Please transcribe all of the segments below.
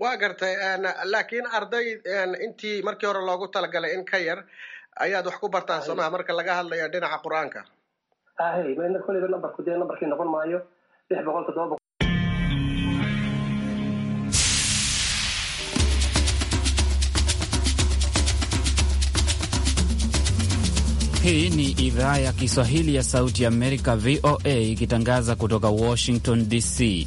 waa gartay laakiin arday intii markii hore loogu talagalay in ka yar ayaad wax ku bartaan somaha marka laga hadlayo dhinaca qur-aanka Hii ni idhaa ya Kiswahili ya Sauti ya Amerika, VOA, ikitangaza kutoka Washington DC.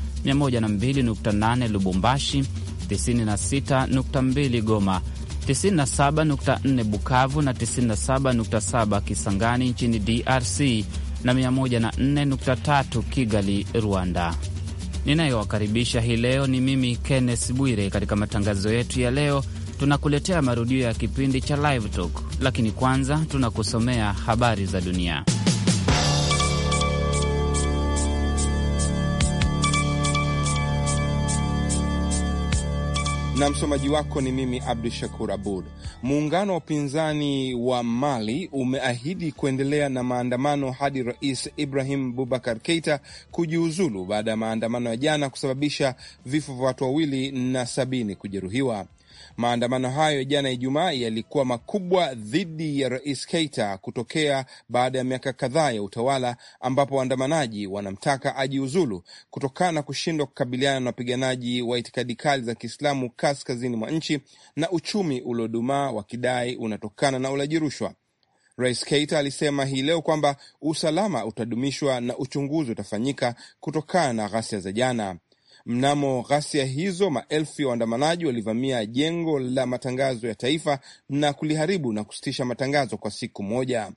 102.8 Lubumbashi, 96.2 Goma, 97.4 Bukavu na 97.7 Kisangani nchini DRC na 104.3 Kigali, Rwanda. Ninayowakaribisha hii leo ni mimi Kenneth Bwire. Katika matangazo yetu ya leo, tunakuletea marudio ya kipindi cha Live Talk, lakini kwanza tunakusomea habari za dunia. na msomaji wako ni mimi Abdu Shakur Abud. Muungano wa upinzani wa Mali umeahidi kuendelea na maandamano hadi Rais Ibrahim Bubakar Keita kujiuzulu baada ya maandamano ya jana kusababisha vifo vya watu wawili na sabini kujeruhiwa. Maandamano hayo jana Ijumaa yalikuwa makubwa dhidi ya Rais Keita kutokea baada ya miaka kadhaa ya utawala, ambapo waandamanaji wanamtaka ajiuzulu kutokana na kushindwa kukabiliana na wapiganaji wa itikadi kali za Kiislamu kaskazini mwa nchi na uchumi uliodumaa, wakidai unatokana na ulaji rushwa. Rais Keita alisema hii leo kwamba usalama utadumishwa na uchunguzi utafanyika kutokana na ghasia za jana. Mnamo ghasia hizo, maelfu ya waandamanaji walivamia jengo la matangazo ya taifa na kuliharibu na kusitisha matangazo kwa siku moja.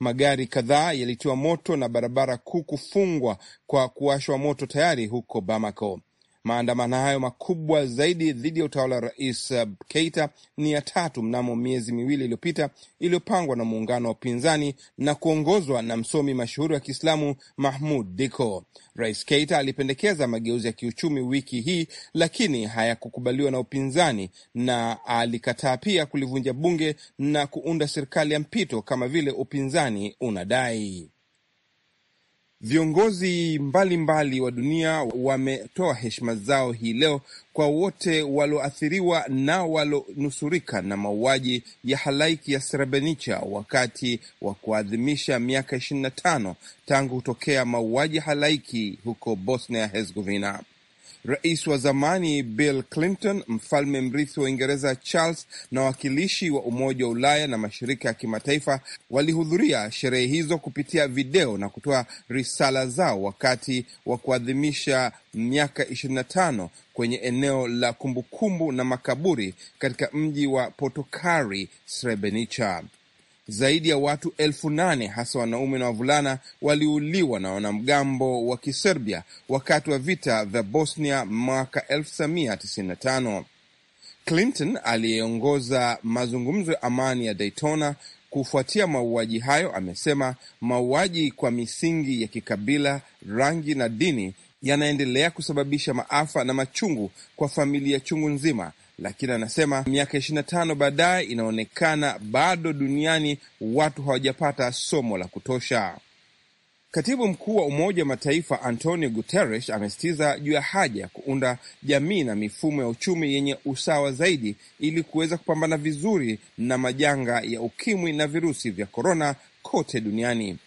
Magari kadhaa yalitiwa moto na barabara kuu kufungwa kwa kuwashwa moto tayari huko Bamako. Maandamano hayo makubwa zaidi dhidi ya utawala wa rais Keita ni ya tatu mnamo miezi miwili iliyopita, iliyopangwa na muungano wa upinzani na kuongozwa na msomi mashuhuri wa Kiislamu Mahmud Diko. Rais Keita alipendekeza mageuzi ya kiuchumi wiki hii, lakini hayakukubaliwa na upinzani, na alikataa pia kulivunja bunge na kuunda serikali ya mpito kama vile upinzani unadai. Viongozi mbalimbali mbali wa dunia wametoa heshima zao hii leo kwa wote walioathiriwa na walionusurika na mauaji ya halaiki ya Srebrenica wakati wa kuadhimisha miaka 25 tangu kutokea mauaji halaiki huko Bosnia Herzegovina. Rais wa zamani Bill Clinton, mfalme mrithi wa Uingereza Charles na wawakilishi wa Umoja wa Ulaya na mashirika ya kimataifa walihudhuria sherehe hizo kupitia video na kutoa risala zao wakati wa kuadhimisha miaka 25 kwenye eneo la kumbukumbu na makaburi katika mji wa Potokari Srebrenica. Zaidi ya watu elfu nane hasa wanaume na wavulana waliuliwa na wanamgambo wa Kiserbia wakati wa vita vya Bosnia mwaka 1995. Clinton aliyeongoza mazungumzo ya amani ya Daytona kufuatia mauaji hayo amesema mauaji kwa misingi ya kikabila, rangi na dini yanaendelea kusababisha maafa na machungu kwa familia chungu nzima lakini anasema miaka ishirini na tano baadaye inaonekana bado duniani watu hawajapata somo la kutosha. Katibu mkuu wa Umoja wa Mataifa Antonio Guterres amesitiza juu ya haja ya kuunda jamii na mifumo ya uchumi yenye usawa zaidi ili kuweza kupambana vizuri na majanga ya ukimwi na virusi vya korona kote duniani.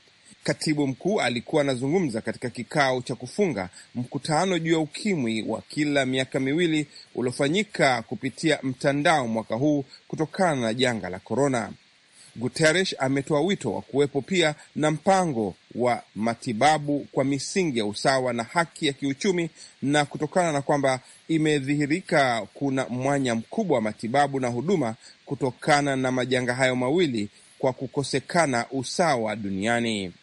Katibu mkuu alikuwa anazungumza katika kikao cha kufunga mkutano juu ya ukimwi wa kila miaka miwili uliofanyika kupitia mtandao mwaka huu kutokana na janga la korona. Guterres ametoa wito wa kuwepo pia na mpango wa matibabu kwa misingi ya usawa na haki ya kiuchumi, na kutokana na kwamba imedhihirika kuna mwanya mkubwa wa matibabu na huduma kutokana na majanga hayo mawili kwa kukosekana usawa duniani.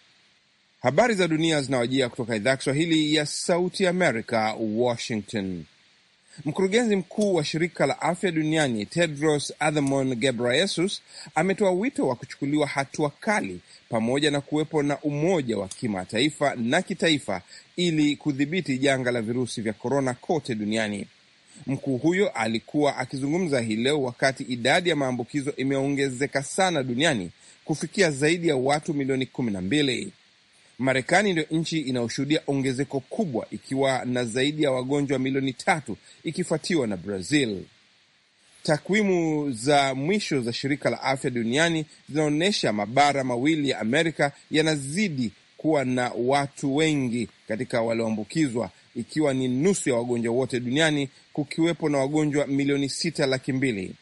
Habari za dunia zinawajia kutoka idhaa ya Kiswahili ya Sauti Amerika, Washington. Mkurugenzi mkuu wa shirika la afya duniani Tedros Adhanom Ghebreyesus ametoa wito wa kuchukuliwa hatua kali pamoja na kuwepo na umoja wa kimataifa na kitaifa ili kudhibiti janga la virusi vya korona kote duniani. Mkuu huyo alikuwa akizungumza hii leo wakati idadi ya maambukizo imeongezeka sana duniani kufikia zaidi ya watu milioni kumi na mbili. Marekani ndio nchi inayoshuhudia ongezeko kubwa ikiwa na zaidi ya wagonjwa milioni tatu ikifuatiwa na Brazil. Takwimu za mwisho za shirika la afya duniani zinaonyesha mabara mawili ya Amerika yanazidi kuwa na watu wengi katika walioambukizwa, ikiwa ni nusu ya wagonjwa wote duniani, kukiwepo na wagonjwa milioni sita laki mbili.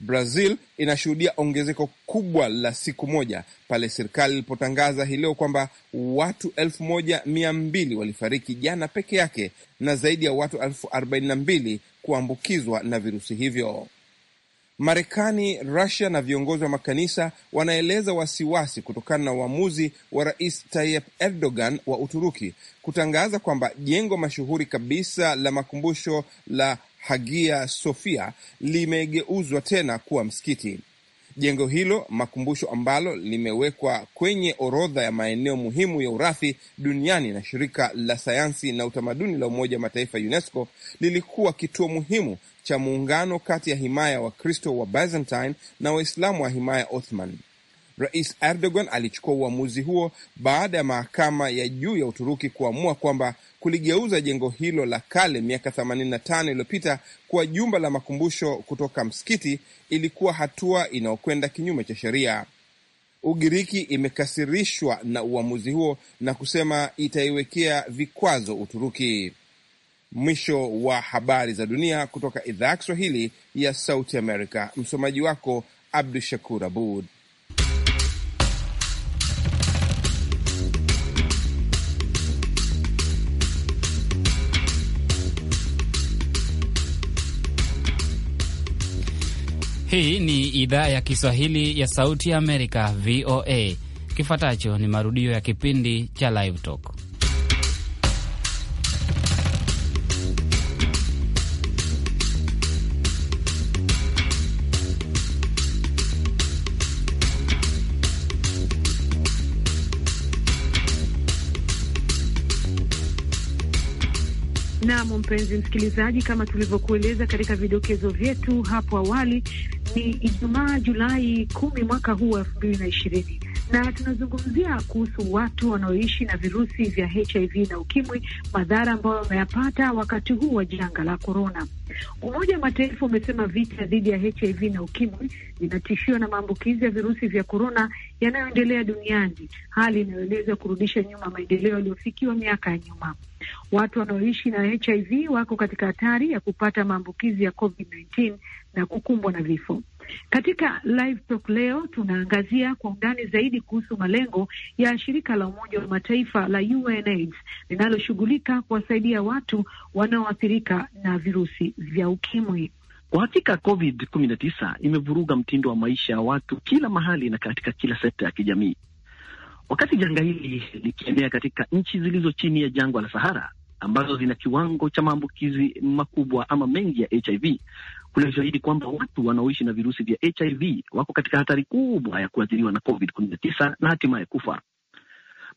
Brazil inashuhudia ongezeko kubwa la siku moja pale serikali ilipotangaza hii leo kwamba watu elfu moja mia mbili walifariki jana peke yake na zaidi ya watu elfu arobaini na mbili kuambukizwa na virusi hivyo. Marekani, Rusia na viongozi wa makanisa wanaeleza wasiwasi kutokana na uamuzi wa Rais Tayyip Erdogan wa Uturuki kutangaza kwamba jengo mashuhuri kabisa la makumbusho la Hagia Sophia limegeuzwa tena kuwa msikiti. Jengo hilo makumbusho, ambalo limewekwa kwenye orodha ya maeneo muhimu ya urathi duniani na shirika la sayansi na utamaduni la Umoja wa Mataifa UNESCO, lilikuwa kituo muhimu cha muungano kati ya himaya Wakristo wa Byzantine na Waislamu wa himaya Ottoman. Rais Erdogan alichukua uamuzi huo baada ya mahakama ya juu ya Uturuki kuamua kwamba kuligeuza jengo hilo la kale miaka 85 iliyopita kuwa jumba la makumbusho kutoka msikiti ilikuwa hatua inayokwenda kinyume cha sheria. Ugiriki imekasirishwa na uamuzi huo na kusema itaiwekea vikwazo Uturuki. Mwisho wa habari za dunia kutoka idhaa ya Kiswahili ya Sauti Amerika. Msomaji wako Abdu Shakur Abud. Hii ni idhaa ya Kiswahili ya Sauti ya Amerika, VOA. Kifuatacho ni marudio ya kipindi cha Live Talk. mpenzi msikilizaji, kama tulivyokueleza katika vidokezo vyetu hapo awali, ni Ijumaa, Julai kumi mwaka huu wa elfu mbili na ishirini na tunazungumzia kuhusu watu wanaoishi na virusi vya HIV na ukimwi, madhara ambayo wameyapata wakati huu wa janga la korona. Umoja wa Mataifa umesema vita dhidi ya HIV na ukimwi vinatishiwa na maambukizi ya virusi vya korona yanayoendelea duniani, hali inayoeleza kurudisha nyuma maendeleo yaliyofikiwa miaka ya nyuma. Watu wanaoishi na HIV wako katika hatari ya kupata maambukizi ya COVID-19 na kukumbwa na vifo. Katika live talk leo tunaangazia kwa undani zaidi kuhusu malengo ya shirika la Umoja wa Mataifa la UNAIDS linaloshughulika kuwasaidia watu wanaoathirika na virusi vya ukimwi. Kwa hakika COVID 19 imevuruga mtindo wa maisha ya watu kila mahali na katika kila sekta ya kijamii. Wakati janga hili likienea katika nchi zilizo chini ya jangwa la Sahara ambazo zina kiwango cha maambukizi makubwa ama mengi ya HIV, kuna ushahidi kwamba watu wanaoishi na virusi vya HIV wako katika hatari kubwa ya kuathiriwa na COVID-19 na hatimaye kufa.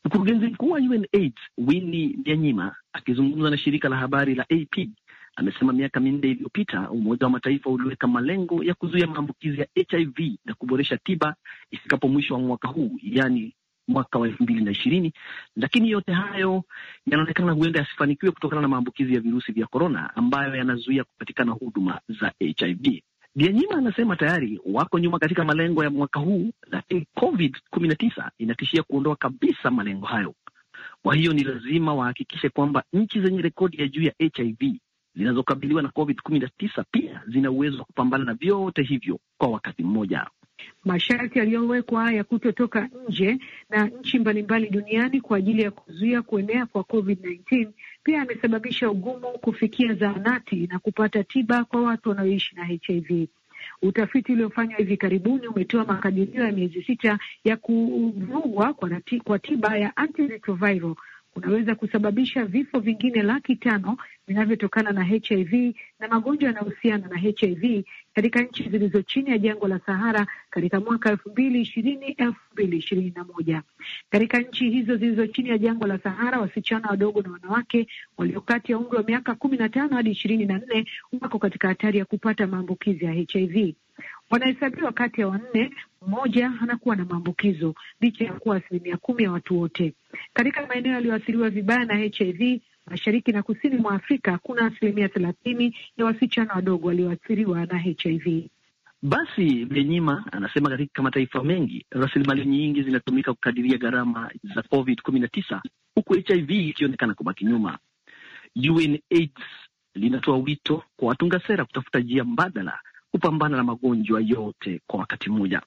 Mkurugenzi mkuu wa UNAIDS Winnie Byanyima akizungumza na shirika la habari la AP amesema miaka minne iliyopita Umoja wa Mataifa uliweka malengo ya kuzuia maambukizi ya HIV na kuboresha tiba ifikapo mwisho wa mwaka huu, yani mwaka wa elfu mbili na ishirini, lakini yote hayo yanaonekana huenda yasifanikiwe kutokana na maambukizi ya virusi vya korona ambayo yanazuia kupatikana huduma za HIV. Dianyima anasema tayari wako nyuma katika malengo ya mwaka huu, lakini COVID kumi na tisa inatishia kuondoa kabisa malengo hayo. Kwa hiyo ni lazima wahakikishe kwamba nchi zenye rekodi ya juu ya HIV zinazokabiliwa na COVID kumi na tisa pia zina uwezo wa kupambana na vyote hivyo kwa wakati mmoja. Masharti yaliyowekwa ya kutotoka nje na nchi mbalimbali duniani kwa ajili ya kuzuia kuenea kwa COVID-19 pia yamesababisha ugumu kufikia zahanati na kupata tiba kwa watu wanaoishi na HIV. Utafiti uliofanywa hivi karibuni umetoa makadirio ya miezi sita ya kuvugwa kwa, kwa tiba ya antiretroviral unaweza kusababisha vifo vingine laki tano vinavyotokana na HIV na magonjwa yanayohusiana na HIV katika nchi zilizo chini ya jangwa la Sahara katika mwaka elfu mbili ishirini elfu mbili ishirini na moja. Katika nchi hizo zilizo chini ya jangwa la Sahara, wasichana wadogo na wanawake walio kati ya umri wa miaka kumi na tano hadi ishirini na nne wako katika hatari ya kupata maambukizi ya HIV. Wanahesabiwa kati ya wanne mmoja anakuwa na maambukizo licha ya kuwa asilimia kumi ya watu wote. Katika maeneo yaliyoathiriwa vibaya na HIV mashariki na kusini mwa Afrika kuna asilimia thelathini ya wasichana wadogo walioathiriwa na HIV. Basi Benyima anasema katika mataifa mengi rasilimali nyingi zinatumika kukadiria gharama za COVID kumi na tisa huku HIV ikionekana kubaki nyuma. UNAIDS linatoa wito kwa watunga sera kutafuta njia mbadala kupambana na magonjwa yote kwa wakati mmoja.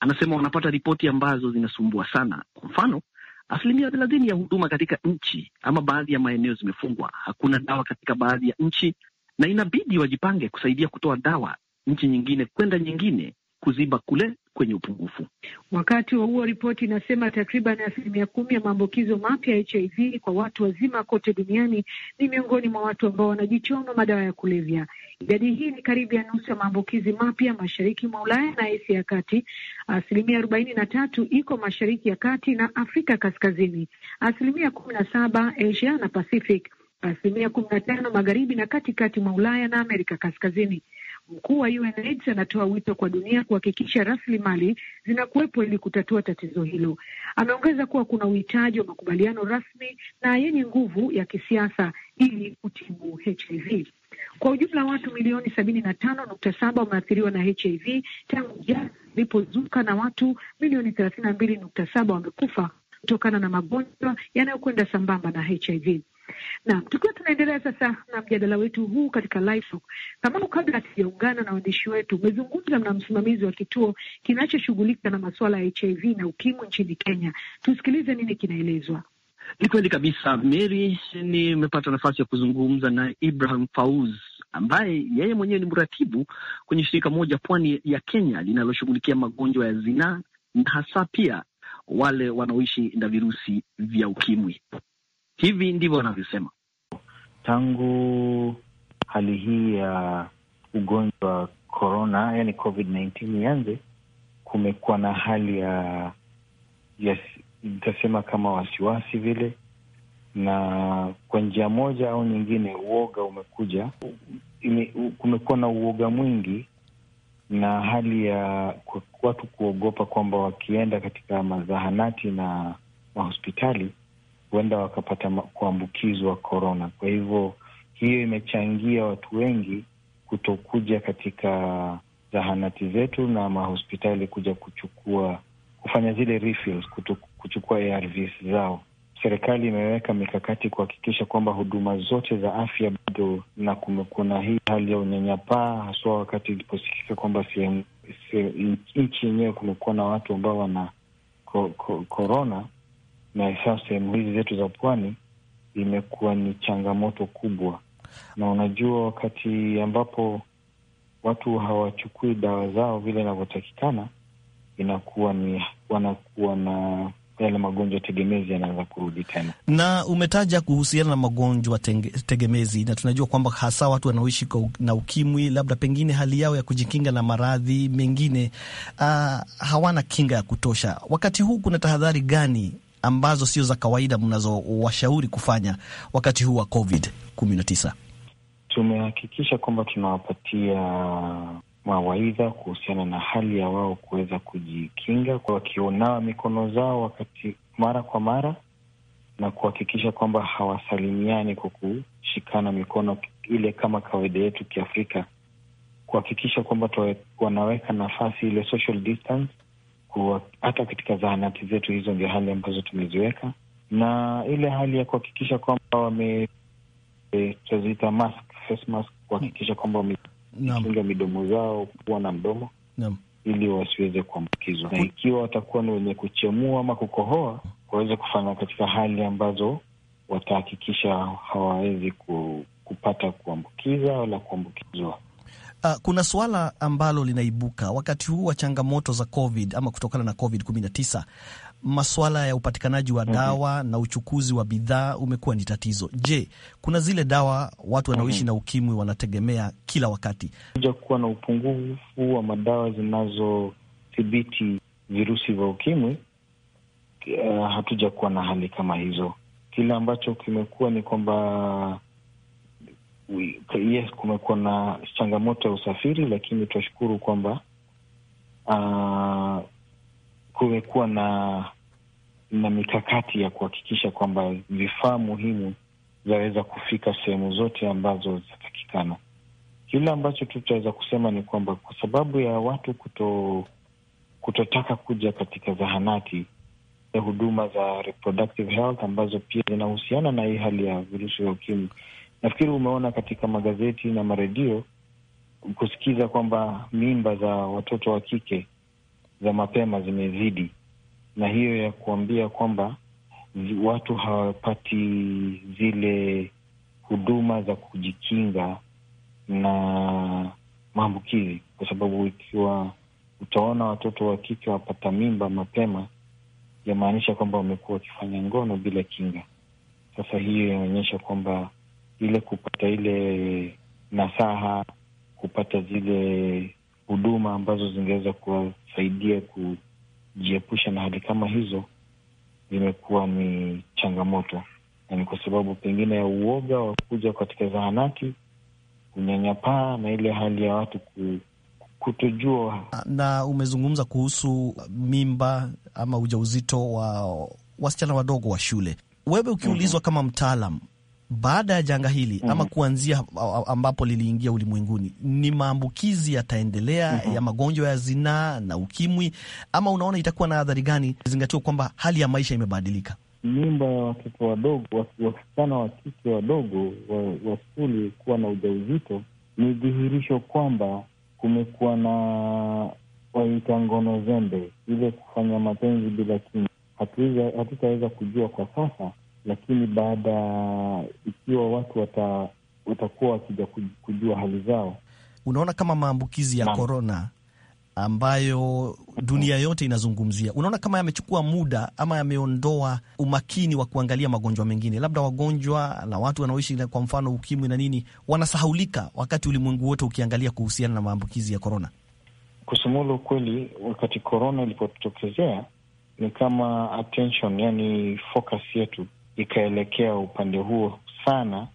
Anasema wanapata ripoti ambazo zinasumbua sana. Kwa mfano, Asilimia thelathini ya huduma katika nchi ama baadhi ya maeneo zimefungwa, hakuna dawa katika baadhi ya nchi, na inabidi wajipange kusaidia kutoa dawa nchi nyingine kwenda nyingine kuziba kule kwenye upungufu. Wakati wa huo, ripoti inasema takriban asilimia kumi ya maambukizo mapya ya HIV kwa watu wazima kote duniani ni miongoni mwa watu ambao wanajichoma madawa ya kulevya. Idadi hii ni karibu ya nusu ya maambukizi mapya mashariki mwa Ulaya na Asia ya kati. Asilimia arobaini na tatu iko mashariki ya kati na Afrika kaskazini, asilimia kumi na saba Asia na Pacific, asilimia kumi na tano magharibi na katikati mwa Ulaya na Amerika kaskazini. Mkuu wa UNAIDS anatoa wito kwa dunia kuhakikisha rasilimali zinakuwepo ili kutatua tatizo hilo. Ameongeza kuwa kuna uhitaji wa makubaliano rasmi na yenye nguvu ya kisiasa ili kutibu HIV. Kwa ujumla watu milioni sabini na tano nukta saba wameathiriwa na HIV tangu jana ilipozuka na watu milioni thelathini na mbili nukta saba wamekufa kutokana na magonjwa yanayokwenda sambamba na HIV. Naam, tukiwa tunaendelea sasa na mjadala wetu huu katika live talk, kama kabla hatujaungana na waandishi wetu, umezungumza na msimamizi wa kituo kinachoshughulika na masuala ya HIV na ukimwi nchini Kenya. Tusikilize nini kinaelezwa. Ni kweli kabisa Mary, nimepata nafasi ya kuzungumza na Ibrahim Fauz ambaye yeye mwenyewe ni mratibu kwenye shirika moja pwani ya Kenya linaloshughulikia magonjwa ya zinaa na hasa pia wale wanaoishi na virusi vya ukimwi. Hivi ndivyo wanavyosema. Tangu hali hii ya ugonjwa wa korona, yani covid-19 ianze, kumekuwa na hali ya yes, nitasema kama wasiwasi vile, na kwa njia moja au nyingine uoga umekuja kumekuwa na uoga mwingi na hali ya watu kuogopa kwamba wakienda katika mazahanati na mahospitali huenda wakapata kuambukizwa korona. Kwa hivyo hiyo imechangia watu wengi kutokuja katika zahanati zetu na mahospitali kuja kuchukua kufanya zile refills, kutu, kuchukua ARVs zao. Serikali imeweka mikakati kuhakikisha kwamba huduma zote za afya bado, na kumekuwa na hii hali ya unyanyapaa, haswa wakati iliposikika kwamba nchi yenyewe kumekuwa na watu ambao wana ko, ko, korona. Na sa sehemu hizi zetu za pwani imekuwa ni changamoto kubwa, na unajua, wakati ambapo watu hawachukui dawa zao vile inavyotakikana, inakuwa ni wanakuwa na yale magonjwa tegemezi yanaweza kurudi tena. Na umetaja kuhusiana na magonjwa tegemezi, na tunajua kwamba hasa watu wanaoishi na ukimwi, labda pengine hali yao ya kujikinga na maradhi mengine uh, hawana kinga ya kutosha. Wakati huu kuna tahadhari gani ambazo sio za kawaida mnazowashauri kufanya wakati huu wa COVID 19? Tumehakikisha kwamba tunawapatia mawaidha kuhusiana na hali ya wao kuweza kujikinga, wakionawa mikono zao wakati mara kwa mara na kuhakikisha kwamba hawasalimiani kwa kushikana mikono ile kama kawaida yetu Kiafrika, kuhakikisha kwamba wanaweka nafasi ile social distance kuwa, hata katika zahanati zetu. Hizo ndio hali ambazo tumeziweka, na ile hali ya kuhakikisha kwamba wame eh, tunaziita mask, face mask, kuhakikisha kwamba wame kufunga midomo zao, kuwa na mdomo Naam. ili wasiweze kuambukizwa, na ikiwa watakuwa ni wenye kuchemua ama kukohoa, waweze kufanya katika hali ambazo watahakikisha hawawezi kupata kuambukiza wala kuambukizwa. Uh, kuna suala ambalo linaibuka wakati huu wa changamoto za COVID ama kutokana na COVID maswala ya upatikanaji wa mhm. dawa mm -hmm. na uchukuzi wa bidhaa umekuwa ni tatizo. Je, kuna zile dawa watu wanaoishi mm -hmm. na ukimwi wanategemea kila wakati? Kuja kuwa na upungufu wa madawa zinazothibiti virusi vya ukimwi, uh, hatuja kuwa na hali kama hizo. Kile ambacho kimekuwa ni kwamba yes, kumekuwa na changamoto ya usafiri, lakini tunashukuru kwamba uh, kumekuwa na na mikakati ya kuhakikisha kwamba vifaa muhimu zaweza kufika sehemu zote ambazo zinatakikana Kile ambacho tutaweza kusema ni kwamba kwa sababu ya watu kuto kutotaka kuja katika zahanati ya huduma za reproductive health ambazo pia zinahusiana na hii hali ya virusi vya ukimwi, nafikiri umeona katika magazeti na maredio kusikiza kwamba mimba za watoto wa kike za mapema zimezidi, na hiyo ya kuambia kwamba watu hawapati zile huduma za kujikinga na maambukizi, kwa sababu ikiwa utaona watoto wa kike wapata mimba mapema, yamaanisha kwamba wamekuwa wakifanya ngono bila kinga. Sasa hiyo inaonyesha kwamba ile kupata ile nasaha, kupata zile huduma ambazo zingeweza kuwasaidia kujiepusha na hali kama hizo zimekuwa ni changamoto, na ni kwa sababu pengine ya uoga wa kuja katika zahanati, unyanyapaa na ile hali ya watu ku kutojua. Na umezungumza kuhusu mimba ama ujauzito wa wasichana wadogo wa shule. Wewe ukiulizwa, mm -hmm. kama mtaalam baada ya janga hili mm -hmm. ama kuanzia ambapo liliingia ulimwenguni, ni maambukizi yataendelea mm -hmm. ya magonjwa ya zinaa na ukimwi, ama unaona itakuwa na adhari gani, zingatiwa kwamba hali ya maisha imebadilika? Mimba ya watoto wadogo, wasichana wa kike wadogo wa skuli kuwa na ujauzito ni dhihirisho kwamba kumekuwa na waita ngono zembe, ile kufanya mapenzi bila kinga. Hatutaweza kujua kwa sasa lakini baada ikiwa watu wata, watakuwa wakija kujua hali zao. Unaona kama maambukizi ya korona ambayo dunia yote inazungumzia, unaona kama yamechukua muda ama yameondoa umakini wa kuangalia magonjwa mengine, labda wagonjwa na watu wanaoishi kwa mfano ukimwi na nini wanasahaulika, wakati ulimwengu wote ukiangalia kuhusiana na maambukizi ya korona. Kusumula ukweli, wakati korona ilipotokezea ni kama attention, yani focus yetu ikaelekea upande huo sana,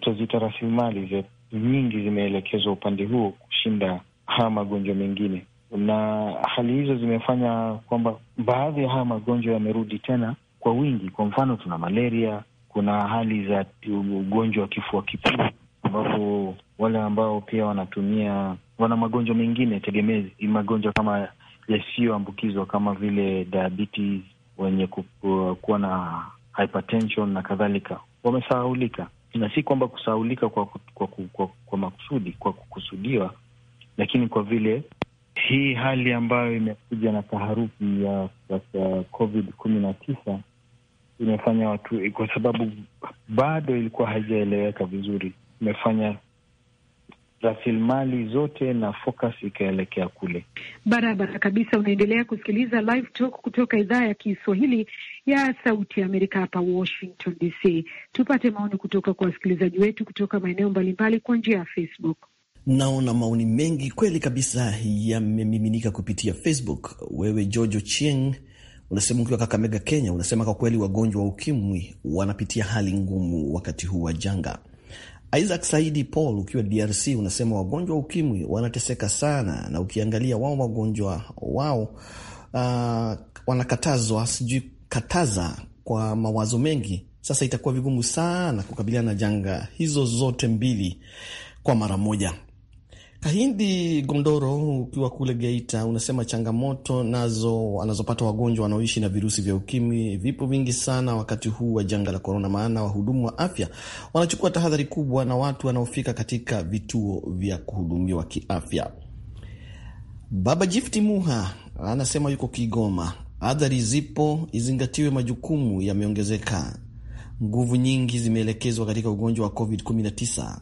tuzita rasilimali nyingi zimeelekezwa upande huo kushinda haya magonjwa mengine, na hali hizo zimefanya kwamba baadhi ya haya magonjwa yamerudi tena kwa wingi. Kwa mfano, tuna malaria, kuna hali za ugonjwa wa kifua kikuu ambapo wale ambao pia wanatumia wana magonjwa mengine tegemezi, magonjwa kama yasiyoambukizwa kama vile diabetes, wenye kuwa na hypertension na kadhalika, wamesahaulika. Na si kwamba kusahaulika kwa, kwa, kwa, kwa makusudi, kwa kukusudiwa, lakini kwa vile hii hali ambayo imekuja na taharuki ya, ya COVID kumi na tisa imefanya watu, kwa sababu bado ilikuwa haijaeleweka vizuri, imefanya rasilimali zote na focus ikaelekea kule barabara kabisa. Unaendelea kusikiliza Live Talk kutoka idhaa ya Kiswahili ya Sauti ya Amerika hapa Washington DC. Tupate maoni kutoka kwa wasikilizaji wetu kutoka maeneo mbalimbali kwa njia ya Facebook. Naona maoni mengi kweli kabisa yamemiminika kupitia Facebook. Wewe Jojo Chieng unasema ukiwa Kakamega, Kenya, unasema kwa kweli wagonjwa wa ukimwi wanapitia hali ngumu wakati huu wa janga Isaac Saidi Paul ukiwa DRC unasema wagonjwa wa ukimwi wanateseka sana, na ukiangalia wao wagonjwa wao uh, wanakatazwa sijui kataza kwa mawazo mengi. Sasa itakuwa vigumu sana kukabiliana na janga hizo zote mbili kwa mara moja. Kahindi Gondoro, ukiwa kule Geita, unasema changamoto nazo anazopata wagonjwa wanaoishi na virusi vya ukimwi vipo vingi sana wakati huu wa janga la korona, maana wahudumu wa afya wanachukua tahadhari kubwa na watu wanaofika katika vituo vya kuhudumiwa kiafya. Baba Jifti Muha anasema yuko Kigoma, adhari zipo, izingatiwe, majukumu yameongezeka, nguvu nyingi zimeelekezwa katika ugonjwa wa COVID-19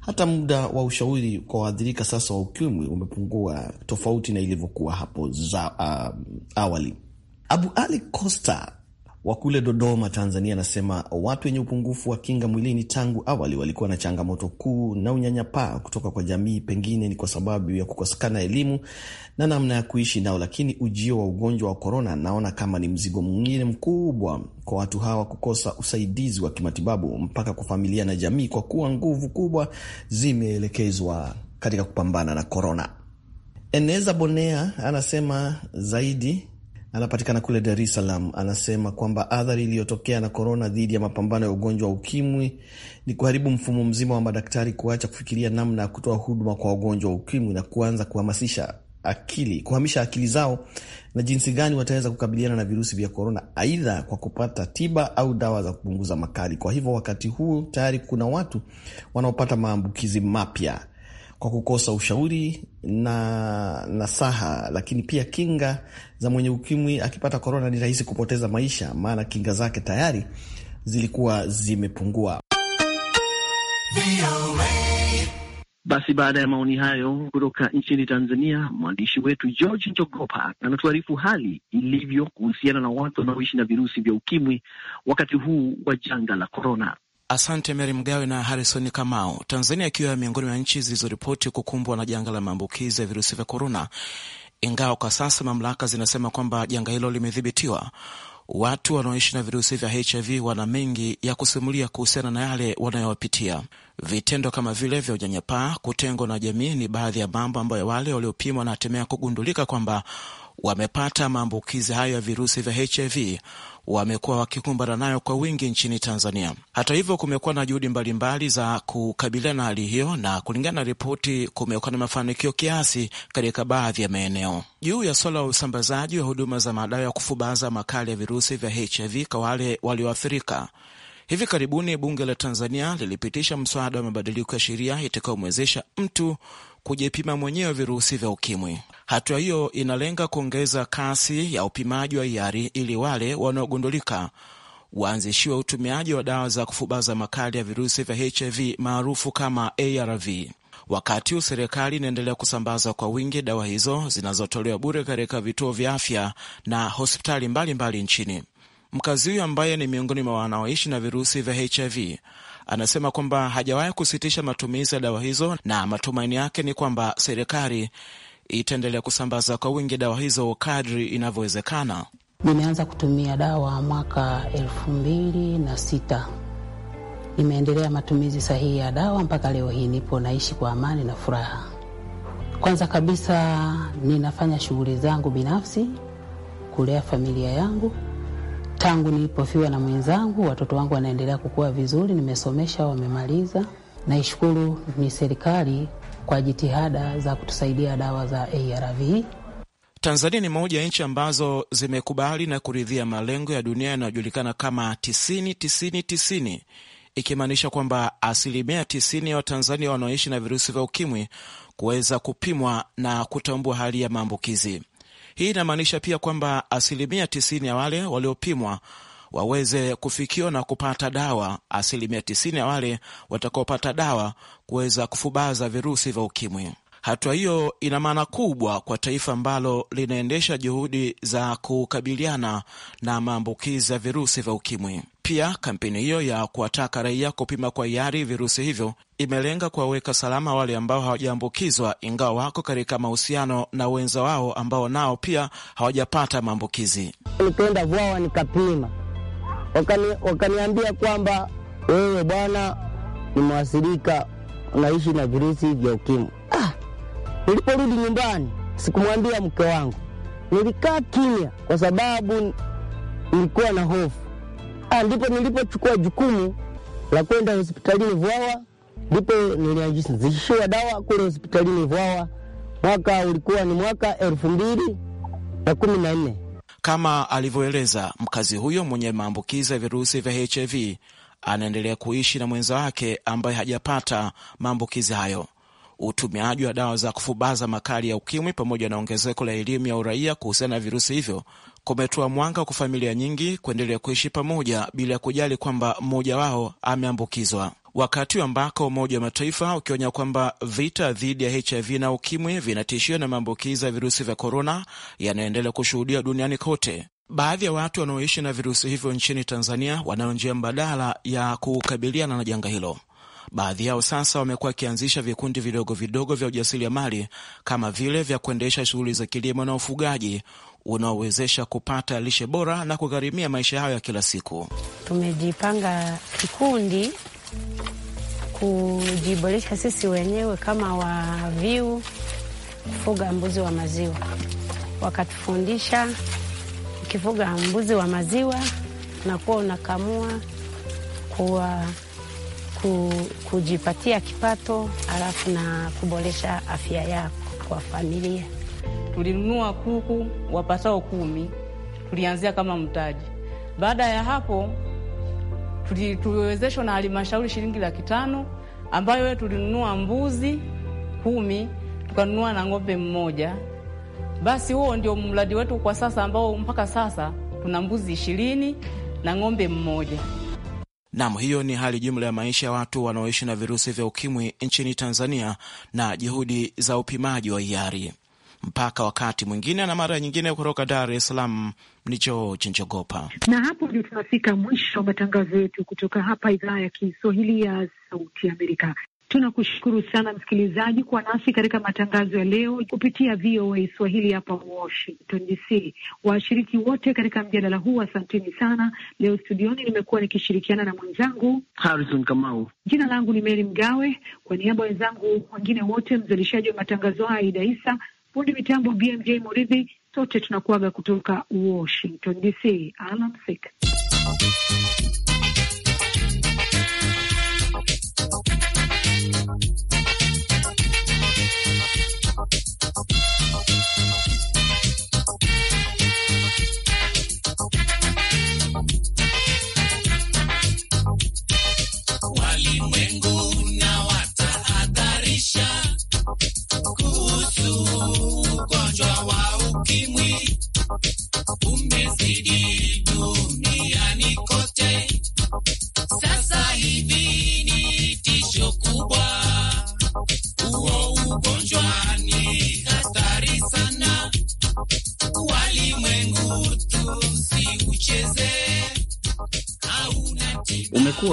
hata muda wa ushauri kwa waathirika sasa wa ukimwi umepungua tofauti na ilivyokuwa hapo za, uh, awali. Abu Ali Costa wa kule Dodoma, Tanzania, anasema watu wenye upungufu wa kinga mwilini tangu awali walikuwa na changamoto kuu na unyanyapaa kutoka kwa jamii. Pengine ni kwa sababu ya kukosekana elimu na namna ya kuishi nao, lakini ujio wa ugonjwa wa korona naona kama ni mzigo mwingine mkubwa kwa watu hawa, kukosa usaidizi wa kimatibabu mpaka kwa familia na jamii, kwa kuwa nguvu kubwa zimeelekezwa katika kupambana na korona. Eneza Bonea anasema zaidi anapatikana kule Dar es Salaam, anasema kwamba athari iliyotokea na korona dhidi ya mapambano ya ugonjwa wa ukimwi ni kuharibu mfumo mzima wa madaktari kuacha kufikiria namna ya kutoa huduma kwa wagonjwa wa ukimwi na kuanza kuhamasisha akili kuhamisha akili zao na jinsi gani wataweza kukabiliana na virusi vya korona, aidha kwa kupata tiba au dawa za kupunguza makali. Kwa hivyo wakati huu tayari kuna watu wanaopata maambukizi mapya kwa kukosa ushauri na nasaha, lakini pia kinga za mwenye ukimwi akipata korona ni rahisi kupoteza maisha, maana kinga zake tayari zilikuwa zimepungua. Basi baada ya maoni hayo kutoka nchini Tanzania, mwandishi wetu George Njogopa anatuarifu hali ilivyo kuhusiana na watu wanaoishi na virusi vya ukimwi wakati huu wa janga la korona. Asante Mary Mgawe na Harrison Kamau. Tanzania ikiwa miongoni mwa nchi zilizoripoti kukumbwa na janga la maambukizi ya virusi vya korona, ingawa kwa sasa mamlaka zinasema kwamba janga hilo limedhibitiwa. Watu wanaoishi na virusi vya HIV wana mengi ya kusimulia kuhusiana na yale wanayowapitia. Vitendo kama vile vya unyanyapaa, kutengwa na jamii ni baadhi ya mambo ambayo wale waliopimwa na kugundulika kwamba wamepata maambukizi hayo ya virusi vya HIV wamekuwa wakikumbana nayo kwa wingi nchini Tanzania. Hata hivyo, kumekuwa na juhudi mbalimbali za kukabiliana na hali hiyo, na kulingana na ripoti, kumekuwa na mafanikio kiasi katika baadhi ya maeneo. Juu ya suala la usambazaji wa huduma za madawa ya kufubaza makali ya virusi vya HIV kwa wale walioathirika, hivi karibuni bunge la Tanzania lilipitisha mswada wa mabadiliko ya sheria itakayomwezesha mtu kujipima mwenyewe virusi vya ukimwi. Hatua hiyo inalenga kuongeza kasi ya upimaji wa hiari ili wale wanaogundulika waanzishiwe utumiaji wa dawa za kufubaza makali ya virusi vya HIV maarufu kama ARV. Wakati huu serikali inaendelea kusambaza kwa wingi dawa hizo zinazotolewa bure katika vituo vya afya na hospitali mbalimbali mbali nchini. Mkazi huyo ambaye ni miongoni mwa wanaoishi na virusi vya HIV anasema kwamba hajawahi kusitisha matumizi ya dawa hizo na matumaini yake ni kwamba serikali itaendelea kusambaza kwa wingi dawa hizo kadri inavyowezekana. Nimeanza kutumia dawa mwaka elfu mbili na sita. Nimeendelea matumizi sahihi ya dawa mpaka leo hii, nipo naishi kwa amani na furaha. Kwanza kabisa, ninafanya shughuli zangu binafsi, kulea familia yangu tangu nilipofiwa na mwenzangu, watoto wangu wanaendelea kukua vizuri, nimesomesha, wamemaliza. Naishukuru ni serikali kwa jitihada za kutusaidia dawa za ARV. Tanzania ni moja ya nchi ambazo zimekubali na kuridhia malengo ya dunia yanayojulikana kama 90 90 90 ikimaanisha kwamba asilimia 90 ya Watanzania wanaoishi na virusi vya ukimwi kuweza kupimwa na kutambua hali ya maambukizi. Hii inamaanisha pia kwamba asilimia tisini ya wale waliopimwa waweze kufikiwa na kupata dawa, asilimia tisini ya wale watakaopata dawa kuweza kufubaza virusi vya ukimwi. Hatua hiyo ina maana kubwa kwa taifa ambalo linaendesha juhudi za kukabiliana na maambukizi ya virusi vya ukimwi. Pia kampeni hiyo ya kuwataka raia kupima kwa hiari virusi hivyo imelenga kuwaweka salama wale ambao hawajaambukizwa, ingawa wako katika mahusiano na wenza wao ambao nao pia hawajapata maambukizi. Nikaenda Vwawa nikapima, wakani, wakaniambia kwamba wewe bwana, nimewasirika unaishi na virusi vya ukimwi. Ah, Niliporudi nyumbani sikumwambia mke wangu, nilikaa kimya kwa sababu nilikuwa na hofu. Ah, ndipo nilipochukua jukumu la kwenda hospitalini Vwawa, ndipo nilianzishiwa dawa kule hospitalini Vwawa. Mwaka ulikuwa ni mwaka elfu mbili na kumi na nne. Kama alivyoeleza mkazi huyo mwenye maambukizi ya virusi vya HIV anaendelea kuishi na mwenza wake ambaye hajapata maambukizi hayo utumiaji wa dawa za kufubaza makali ya ukimwi pamoja na ongezeko la elimu ya uraia kuhusiana na virusi hivyo kumetoa mwanga kwa familia nyingi kuendelea kuishi pamoja bila ya kujali kwamba mmoja wao ameambukizwa, wakati ambako Umoja wa Mataifa ukionya kwamba vita dhidi ya HIV na ukimwi vinatishiwa na maambukizi ya virusi vya korona yanayoendelea kushuhudiwa duniani kote. Baadhi ya watu wanaoishi na virusi hivyo nchini Tanzania wanayo njia mbadala ya kukabiliana na janga hilo. Baadhi yao sasa wamekuwa wakianzisha vikundi vidogo vidogo vya ujasiriamali kama vile vya kuendesha shughuli za kilimo na ufugaji unaowezesha kupata lishe bora na kugharimia maisha yao ya kila siku. Tumejipanga kikundi kujiboresha sisi wenyewe kama waviu kufuga mbuzi wa maziwa, wakatufundisha ukifuga mbuzi wa maziwa unakuwa unakamua kuwa ku, kujipatia kipato alafu na kuboresha afya yako kwa familia. Tulinunua kuku wapatao kumi, tulianzia kama mtaji. Baada ya hapo tuliwezeshwa na halmashauri shilingi laki tano ambayo tulinunua mbuzi kumi, tukanunua na ng'ombe mmoja. Basi huo ndio mradi wetu kwa sasa, ambao mpaka sasa tuna mbuzi ishirini na ng'ombe mmoja. Nam, hiyo ni hali jumla ya maisha ya watu wanaoishi na virusi vya ukimwi nchini Tanzania na juhudi za upimaji wa hiari. Mpaka wakati mwingine na mara nyingine, kutoka Dar es Salaam ni George Njogopa, na hapo ndio tunafika mwisho wa matangazo yetu kutoka hapa idhaa ya Kiswahili ya Sauti Amerika. Tunakushukuru sana msikilizaji kuwa nasi katika matangazo ya leo kupitia VOA Swahili hapa Washington DC. Washiriki wote katika mjadala huu, asanteni sana. Leo studioni nimekuwa nikishirikiana na mwenzangu Harrison Kamau. Jina langu ni Meri Mgawe, kwa niaba wenzangu wengine wote, mzalishaji wa matangazo haya Aida Isa, fundi mitambo BMJ Muridhi, sote tunakuaga kutoka Washington DC. Alamsik.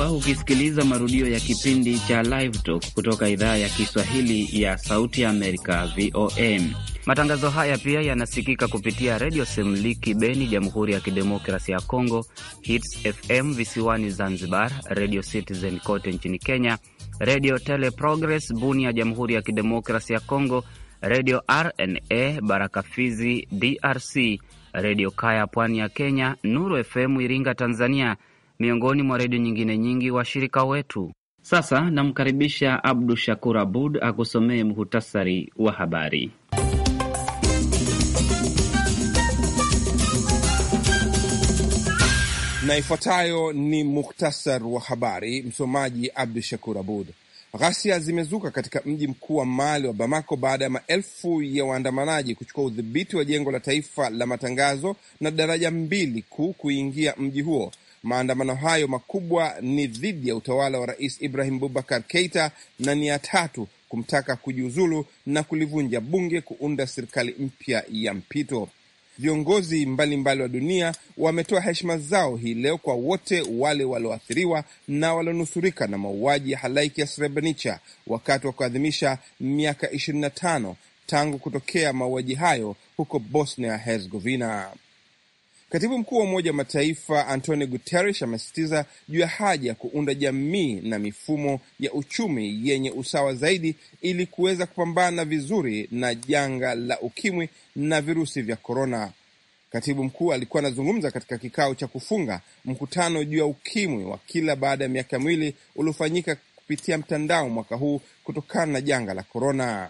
ulikuwa ukisikiliza marudio ya kipindi cha Live Talk kutoka idhaa ya Kiswahili ya Sauti ya Amerika, VOA. Matangazo haya pia yanasikika kupitia Redio Semliki Beni, Jamhuri ya Kidemokrasi ya congo Hits FM visiwani Zanzibar, Redio Citizen kote nchini Kenya, Redio Teleprogress ya Jamhuri ya Kidemokrasi ya congo Redio RNA Baraka Fizi, DRC, Redio Kaya pwani ya Kenya, Nuru FM Iringa, Tanzania, miongoni mwa redio nyingine nyingi washirika wetu. Sasa namkaribisha Abdu Shakur Abud akusomee muhutasari wa habari. Na ifuatayo ni muhtasar wa habari, msomaji Abdu Shakur Abud. Ghasia zimezuka katika mji mkuu wa Mali wa Bamako baada ya maelfu ya waandamanaji kuchukua udhibiti wa jengo la taifa la matangazo na daraja mbili kuu kuingia mji huo Maandamano hayo makubwa ni dhidi ya utawala wa Rais Ibrahim Bubakar Keita na ni ya tatu kumtaka kujiuzulu na kulivunja bunge kuunda serikali mpya ya mpito. Viongozi mbalimbali mbali wa dunia wametoa heshima zao hii leo kwa wote wale walioathiriwa na walionusurika na mauaji ya halaiki ya Srebrenica wakati wa kuadhimisha miaka 25 tangu kutokea mauaji hayo huko Bosnia Herzegovina. Katibu mkuu wa Umoja wa Mataifa Antonio Guterres amesisitiza juu ya haja ya kuunda jamii na mifumo ya uchumi yenye usawa zaidi ili kuweza kupambana vizuri na janga la ukimwi na virusi vya korona. Katibu mkuu alikuwa anazungumza katika kikao cha kufunga mkutano juu ya ukimwi wa kila baada ya miaka miwili uliofanyika kupitia mtandao mwaka huu kutokana na janga la korona.